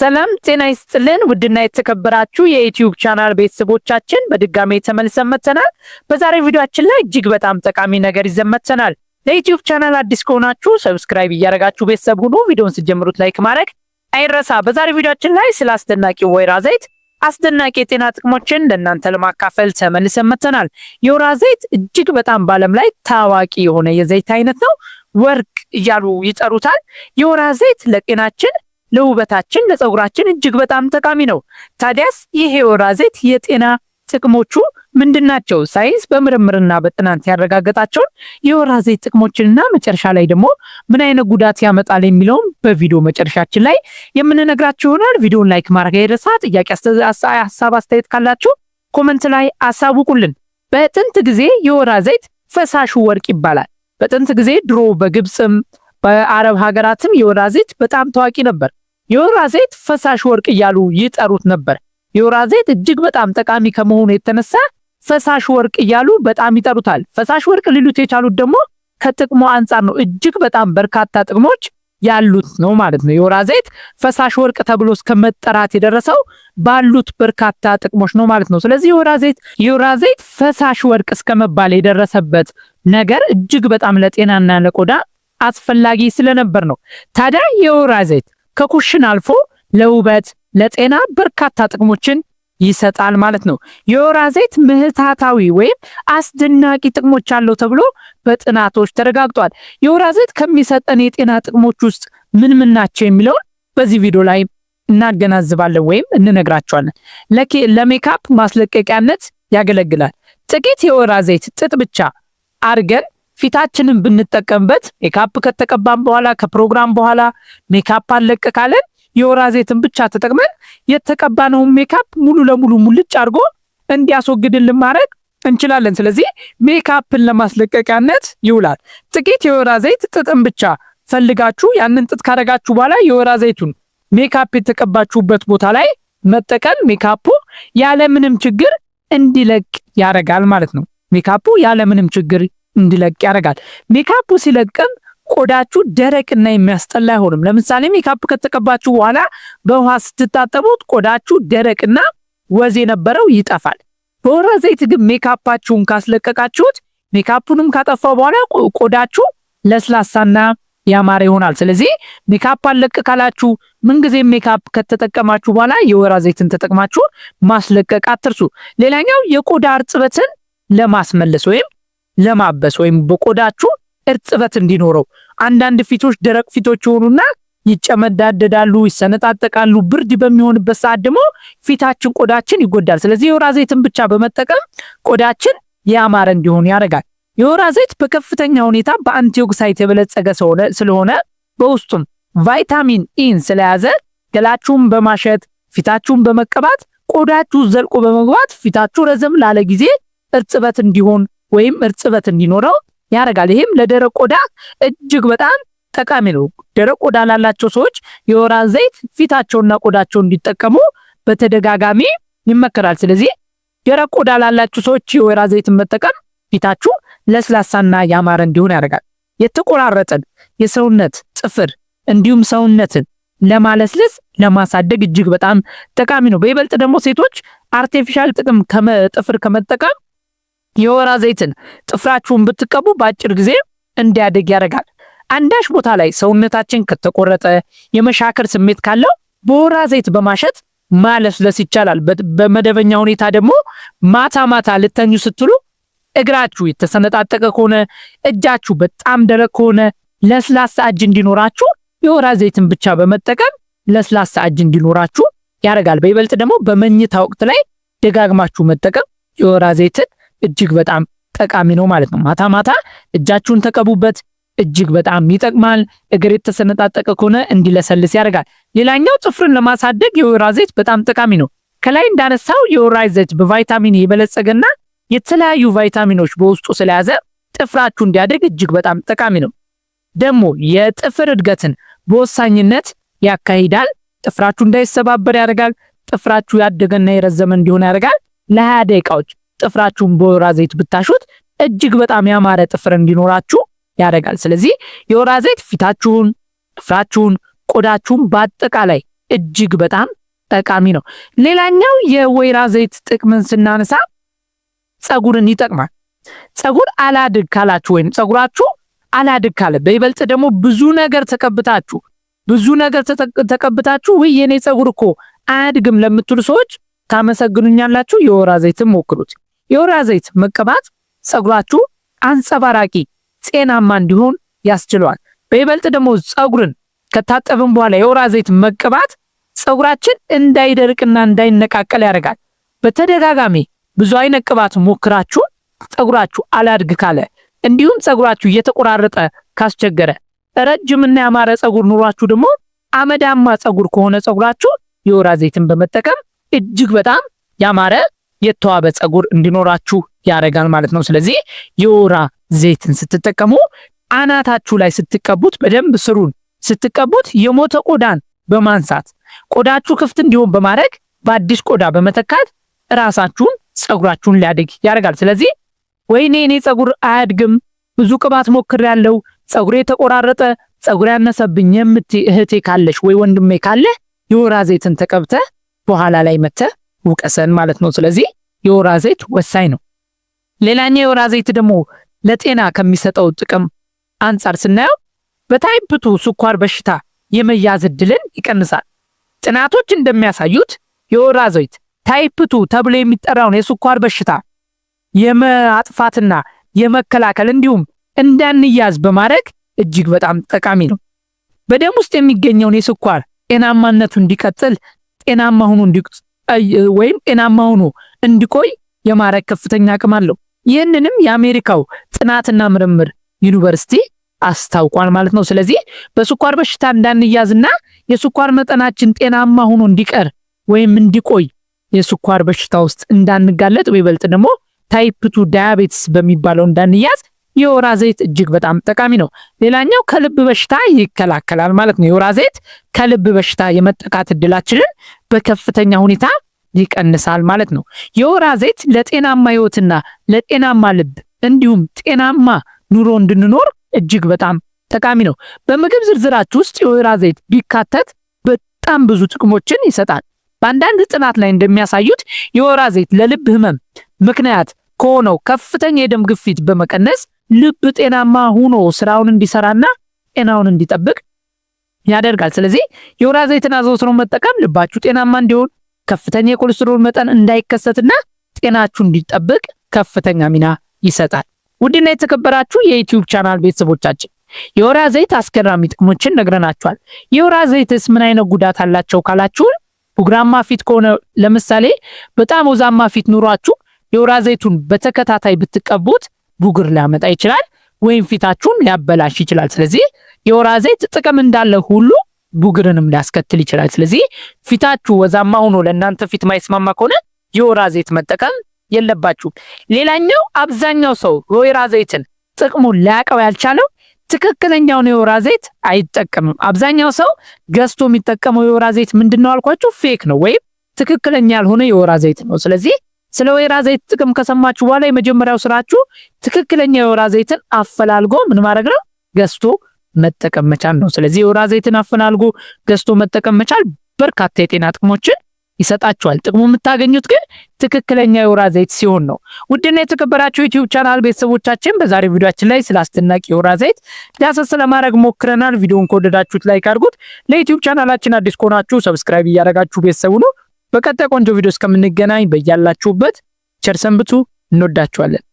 ሰላም ጤና ይስጥልን። ውድና የተከበራችሁ የዩትዩብ ቻናል ቤተሰቦቻችን በድጋሜ ተመልሰን መጥተናል። በዛሬ ቪዲዮችን ላይ እጅግ በጣም ጠቃሚ ነገር ይዘን መጥተናል። ለዩትዩብ ቻናል አዲስ ከሆናችሁ ሰብስክራይብ እያደረጋችሁ ቤተሰብ ሁኑ። ቪዲዮን ስጀምሩት ላይክ ማድረግ አይረሳ። በዛሬ ቪዲዮችን ላይ ስለ አስደናቂ ወይራ ዘይት አስደናቂ የጤና ጥቅሞችን ለእናንተ ለማካፈል ተመልሰን መጥተናል። የወይራ ዘይት እጅግ በጣም በዓለም ላይ ታዋቂ የሆነ የዘይት አይነት ነው። ወርቅ እያሉ ይጠሩታል። የወይራ ዘይት ለጤናችን ለውበታችን ለፀጉራችን እጅግ በጣም ጠቃሚ ነው። ታዲያስ ይሄ የወይራ ዘይት የጤና ጥቅሞቹ ምንድን ናቸው? ሳይንስ በምርምርና በጥናት ያረጋገጣቸውን የወይራ ዘይት ጥቅሞችንና መጨረሻ ላይ ደግሞ ምን አይነት ጉዳት ያመጣል የሚለውን በቪዲዮ መጨረሻችን ላይ የምንነግራችሁ ይሆናል። ቪዲዮን ላይክ ማድረግ አይረሳ። ጥያቄ፣ ሀሳብ፣ አስተያየት ካላችሁ ኮመንት ላይ አሳውቁልን። በጥንት ጊዜ የወይራ ዘይት ፈሳሹ ወርቅ ይባላል። በጥንት ጊዜ ድሮ በግብፅም በአረብ ሀገራትም ዘይት በጣም ታዋቂ ነበር። ዘይት ፈሳሽ ወርቅ እያሉ ይጠሩት ነበር። የወይራዘይት እጅግ በጣም ጠቃሚ ከመሆኑ የተነሳ ፈሳሽ ወርቅ እያሉ በጣም ይጠሩታል። ፈሳሽ ወርቅ ሊሉት የቻሉት ደግሞ ከጥቅሙ አንጻር ነው። እጅግ በጣም በርካታ ጥቅሞች ያሉት ነው ማለት ነው። የወይራዘይት ፈሳሽ ወርቅ ተብሎ እስከ መጠራት የደረሰው ባሉት በርካታ ጥቅሞች ነው ማለት ነው። ስለዚህ የወይራዘይት የወይራዘይት ፈሳሽ ወርቅ እስከ መባል የደረሰበት ነገር እጅግ በጣም ለጤናና ለቆዳ አስፈላጊ ስለነበር ነው። ታዲያ የወይራ ዘይት ከኩሽን አልፎ ለውበት፣ ለጤና በርካታ ጥቅሞችን ይሰጣል ማለት ነው። የወይራ ዘይት ምህታታዊ ወይም አስደናቂ ጥቅሞች አለው ተብሎ በጥናቶች ተረጋግጧል። የወይራ ዘይት ከሚሰጠን የጤና ጥቅሞች ውስጥ ምን ምን ናቸው የሚለውን በዚህ ቪዲዮ ላይ እናገናዝባለን ወይም እንነግራቸዋለን። ለሜካፕ ማስለቀቂያነት ያገለግላል። ጥቂት የወይራ ዘይት ጥጥ ብቻ አርገን ፊታችንን ብንጠቀምበት ሜካፕ ከተቀባን በኋላ ከፕሮግራም በኋላ ሜካፕ አለቀ ካለን የወይራ ዘይትን ብቻ ተጠቅመን የተቀባነውን ሜካፕ ሙሉ ለሙሉ ሙልጭ አድርጎ እንዲያስወግድልን ማድረግ እንችላለን። ስለዚህ ሜካፕን ለማስለቀቂያነት ይውላል። ጥቂት የወራ ዘይት ጥጥን ብቻ ፈልጋችሁ ያንን ጥጥ ካረጋችሁ በኋላ የወራ ዘይቱን ሜካፕ የተቀባችሁበት ቦታ ላይ መጠቀም ሜካፑ ያለምንም ችግር እንዲለቅ ያደርጋል ማለት ነው። ሜካፑ ያለምንም ችግር እንዲለቅ ያደርጋል። ሜካፑ ሲለቅም ቆዳችሁ ደረቅና የሚያስጠላ አይሆንም። ለምሳሌ ሜካፕ ከተቀባችሁ በኋላ በውሃ ስትታጠቡት ቆዳችሁ ደረቅና ወዝ የነበረው ይጠፋል። በወራ ዘይት ግን ሜካፓችሁን ካስለቀቃችሁት ሜካፑንም ካጠፋው በኋላ ቆዳችሁ ለስላሳና ያማረ ይሆናል። ስለዚህ ሜካፕ አለቅ ካላችሁ ምንጊዜም ሜካፕ ከተጠቀማችሁ በኋላ የወይራ ዘይትን ተጠቅማችሁ ማስለቀቅ አትርሱ። ሌላኛው የቆዳ እርጥበትን ለማስመለስ ወይም ለማበስ ወይም በቆዳችሁ እርጥበት እንዲኖረው። አንዳንድ ፊቶች ደረቅ ፊቶች ይሆኑና ይጨመዳደዳሉ፣ ይሰነጣጠቃሉ። ብርድ በሚሆንበት ሰዓት ደግሞ ፊታችን ቆዳችን ይጎዳል። ስለዚህ የወይራ ዘይትን ብቻ በመጠቀም ቆዳችን ያማረ እንዲሆን ያደርጋል። የወይራ ዘይት በከፍተኛ ሁኔታ በአንቲኦክሳይት የበለጸገ ስለሆነ በውስጡም ቫይታሚን ኢን ስለያዘ ገላችሁን በማሸት ፊታችሁን በመቀባት ቆዳችሁ ዘልቆ በመግባት ፊታችሁ ረዘም ላለ ጊዜ እርጥበት እንዲሆን ወይም እርጥበት እንዲኖረው ያደርጋል። ይህም ለደረቅ ቆዳ እጅግ በጣም ጠቃሚ ነው። ደረቅ ቆዳ ላላቸው ሰዎች የወይራ ዘይት ፊታቸውና ቆዳቸው እንዲጠቀሙ በተደጋጋሚ ይመከራል። ስለዚህ ደረቅ ቆዳ ላላችሁ ሰዎች የወይራ ዘይትን መጠቀም ፊታችሁ ለስላሳና ያማረ እንዲሆን ያደርጋል። የተቆራረጠን የሰውነት ጥፍር እንዲሁም ሰውነትን ለማለስለስ ለማሳደግ እጅግ በጣም ጠቃሚ ነው። በይበልጥ ደግሞ ሴቶች አርቲፊሻል ጥቅም ጥፍር ከመጠቀም የወይራ ዘይትን ጥፍራችሁን ብትቀቡ በአጭር ጊዜ እንዲያድግ ያደርጋል። አንዳች ቦታ ላይ ሰውነታችን ከተቆረጠ፣ የመሻከር ስሜት ካለው በወይራ ዘይት በማሸት ማለስለስ ይቻላል። በመደበኛ ሁኔታ ደግሞ ማታ ማታ ልተኙ ስትሉ እግራችሁ የተሰነጣጠቀ ከሆነ፣ እጃችሁ በጣም ደረቅ ከሆነ ለስላሳ እጅ እንዲኖራችሁ የወይራ ዘይትን ብቻ በመጠቀም ለስላሳ እጅ እንዲኖራችሁ ያደርጋል። በይበልጥ ደግሞ በመኝታ ወቅት ላይ ደጋግማችሁ መጠቀም የወይራ ዘይትን እጅግ በጣም ጠቃሚ ነው ማለት ነው። ማታ ማታ እጃችሁን ተቀቡበት፣ እጅግ በጣም ይጠቅማል። እግር የተሰነጣጠቀ ከሆነ እንዲለሰልስ ያደርጋል። ሌላኛው ጥፍርን ለማሳደግ የወይራ ዘይት በጣም ጠቃሚ ነው። ከላይ እንዳነሳው የወይራ ዘይት በቫይታሚን የበለጸገና የተለያዩ ቫይታሚኖች በውስጡ ስለያዘ ጥፍራችሁ እንዲያደግ እጅግ በጣም ጠቃሚ ነው። ደግሞ የጥፍር እድገትን በወሳኝነት ያካሂዳል። ጥፍራችሁ እንዳይሰባበር ያደርጋል። ጥፍራችሁ ያደገና የረዘመ እንዲሆን ያደርጋል። ለሀያ ደቂቃዎች ጥፍራችሁን በወይራ ዘይት ብታሹት እጅግ በጣም ያማረ ጥፍር እንዲኖራችሁ ያደርጋል። ስለዚህ የወይራ ዘይት ፊታችሁን፣ ጥፍራችሁን፣ ቆዳችሁን በአጠቃላይ እጅግ በጣም ጠቃሚ ነው። ሌላኛው የወይራ ዘይት ጥቅምን ስናነሳ ጸጉርን ይጠቅማል። ጸጉር አላድግ ካላችሁ ወይም ጸጉራችሁ አላድግ ካለ በይበልጥ ደግሞ ብዙ ነገር ተቀብታችሁ ብዙ ነገር ተቀብታችሁ ወይ የኔ ጸጉር እኮ አያድግም ለምትሉ ሰዎች ታመሰግኑኛላችሁ። የወይራ ዘይትም ሞክሩት። የወይራ ዘይት መቀባት ፀጉራችሁ አንጸባራቂ ጤናማ እንዲሆን ያስችለዋል። በይበልጥ ደግሞ ፀጉርን ከታጠብን በኋላ የወይራ ዘይት መቀባት ፀጉራችን እንዳይደርቅና እንዳይነቃቀል ያደርጋል። በተደጋጋሚ ብዙ አይነት ቅባት ሞክራችሁ ፀጉራችሁ አላድግ ካለ እንዲሁም ጸጉራችሁ እየተቆራረጠ ካስቸገረ ረጅምና ያማረ ጸጉር ኑሯችሁ ደግሞ አመዳማ ፀጉር ከሆነ ፀጉራችሁ የወይራ ዘይትን በመጠቀም እጅግ በጣም ያማረ የተዋበ ፀጉር እንዲኖራችሁ ያደርጋል ማለት ነው። ስለዚህ የወይራ ዘይትን ስትጠቀሙ አናታችሁ ላይ ስትቀቡት በደንብ ስሩን ስትቀቡት የሞተ ቆዳን በማንሳት ቆዳችሁ ክፍት እንዲሆን በማድረግ በአዲስ ቆዳ በመተካት ራሳችሁን ጸጉራችሁን ሊያድግ ያደርጋል። ስለዚህ ወይኔ እኔ ፀጉር አያድግም ብዙ ቅባት ያለው ፀጉሬ የተቆራረጠ ፀጉር ያነሰብኝ የምት እህቴ ካለሽ ወይ ወንድሜ ካለ የወይራ ዘይትን ተቀብተ በኋላ ላይ መተህ ውቀሰን ማለት ነው። ስለዚህ የወይራ ዘይት ወሳኝ ነው። ሌላኛው የወይራ ዘይት ደግሞ ለጤና ከሚሰጠው ጥቅም አንጻር ስናየው በታይፕ ቱ ስኳር በሽታ የመያዝ እድልን ይቀንሳል። ጥናቶች እንደሚያሳዩት የወይራ ዘይት ታይፕ ቱ ተብሎ የሚጠራውን የስኳር በሽታ የማጥፋትና የመከላከል እንዲሁም እንዳንያዝ በማድረግ እጅግ በጣም ጠቃሚ ነው። በደም ውስጥ የሚገኘውን የስኳር ጤናማነቱ እንዲቀጥል ጤናማ ሆኖ ወይም ጤናማ ሆኖ እንዲቆይ የማድረግ ከፍተኛ አቅም አለው። ይህንንም የአሜሪካው ጥናትና ምርምር ዩኒቨርሲቲ አስታውቋል ማለት ነው። ስለዚህ በስኳር በሽታ እንዳንያዝና የስኳር መጠናችን ጤናማ ሆኖ እንዲቀር ወይም እንዲቆይ የስኳር በሽታ ውስጥ እንዳንጋለጥ በይበልጥ ደግሞ ታይፕቱ ዳያቤትስ በሚባለው እንዳንያዝ የወይራ ዘይት እጅግ በጣም ጠቃሚ ነው። ሌላኛው ከልብ በሽታ ይከላከላል ማለት ነው። የወይራ ዘይት ከልብ በሽታ የመጠቃት እድላችንን በከፍተኛ ሁኔታ ይቀንሳል ማለት ነው። የወይራ ዘይት ለጤናማ ህይወትና ለጤናማ ልብ እንዲሁም ጤናማ ኑሮ እንድንኖር እጅግ በጣም ጠቃሚ ነው። በምግብ ዝርዝራችሁ ውስጥ የወይራ ዘይት ቢካተት በጣም ብዙ ጥቅሞችን ይሰጣል። በአንዳንድ ጥናት ላይ እንደሚያሳዩት የወይራ ዘይት ለልብ ህመም ምክንያት ከሆነው ከፍተኛ የደም ግፊት በመቀነስ ልብ ጤናማ ሆኖ ስራውን እንዲሰራና ጤናውን እንዲጠብቅ ያደርጋል። ስለዚህ የወይራ ዘይትን አዘውትሮ መጠቀም ልባችሁ ጤናማ እንዲሆን፣ ከፍተኛ የኮሌስትሮል መጠን እንዳይከሰትና ጤናችሁ እንዲጠብቅ ከፍተኛ ሚና ይሰጣል። ውድና የተከበራችሁ የዩቲዩብ ቻናል ቤተሰቦቻችን የወይራ ዘይት አስገራሚ ጥቅሞችን ነግረናችኋል። የወይራ ዘይትስ ምን አይነት ጉዳት አላቸው ካላችሁን ቡግራማ ፊት ከሆነ ለምሳሌ በጣም ወዛማ ፊት ኑሯችሁ የወይራ ዘይቱን በተከታታይ ብትቀቡት ቡግር ሊያመጣ ይችላል፣ ወይም ፊታችሁን ሊያበላሽ ይችላል። ስለዚህ የወይራ ዘይት ጥቅም እንዳለ ሁሉ ቡግርንም ሊያስከትል ይችላል። ስለዚህ ፊታችሁ ወዛማ ሆኖ ለእናንተ ፊት ማይስማማ ከሆነ የወይራ ዘይት መጠቀም የለባችሁም። ሌላኛው አብዛኛው ሰው የወይራ ዘይትን ጥቅሙን ሊያውቀው ያልቻለው ትክክለኛውን የወይራ ዘይት አይጠቀምም። አብዛኛው ሰው ገዝቶ የሚጠቀመው የወይራ ዘይት ምንድነው አልኳችሁ? ፌክ ነው ወይም ትክክለኛ ያልሆነ የወይራ ዘይት ነው። ስለዚህ ስለ ወይራ ዘይት ጥቅም ከሰማችሁ በኋላ የመጀመሪያው ስራችሁ ትክክለኛ የወይራ ዘይትን አፈላልጎ ምን ማድረግ ነው ገዝቶ መጠቀም መቻል ነው። ስለዚህ የወይራ ዘይትን አፈላልጎ ገዝቶ መጠቀም መቻል በርካታ የጤና ጥቅሞችን ይሰጣችኋል። ጥቅሙ የምታገኙት ግን ትክክለኛ የወይራ ዘይት ሲሆን ነው። ውድና የተከበራችሁ ዩቲዩብ ቻናል ቤተሰቦቻችን በዛሬ ቪዲዮችን ላይ ስለ አስደናቂ የወይራ ዘይት ዳሰስ ለማድረግ ሞክረናል። ቪዲዮን ከወደዳችሁት ላይክ አድርጉት። ለዩቲዩብ ቻናላችን አዲስ ከሆናችሁ ሰብስክራይብ እያደረጋችሁ ቤተሰቡ ነው። በቀጣይ ቆንጆ ቪዲዮ እስከምንገናኝ በያላችሁበት ቸር ሰንብቱ። እንወዳችኋለን።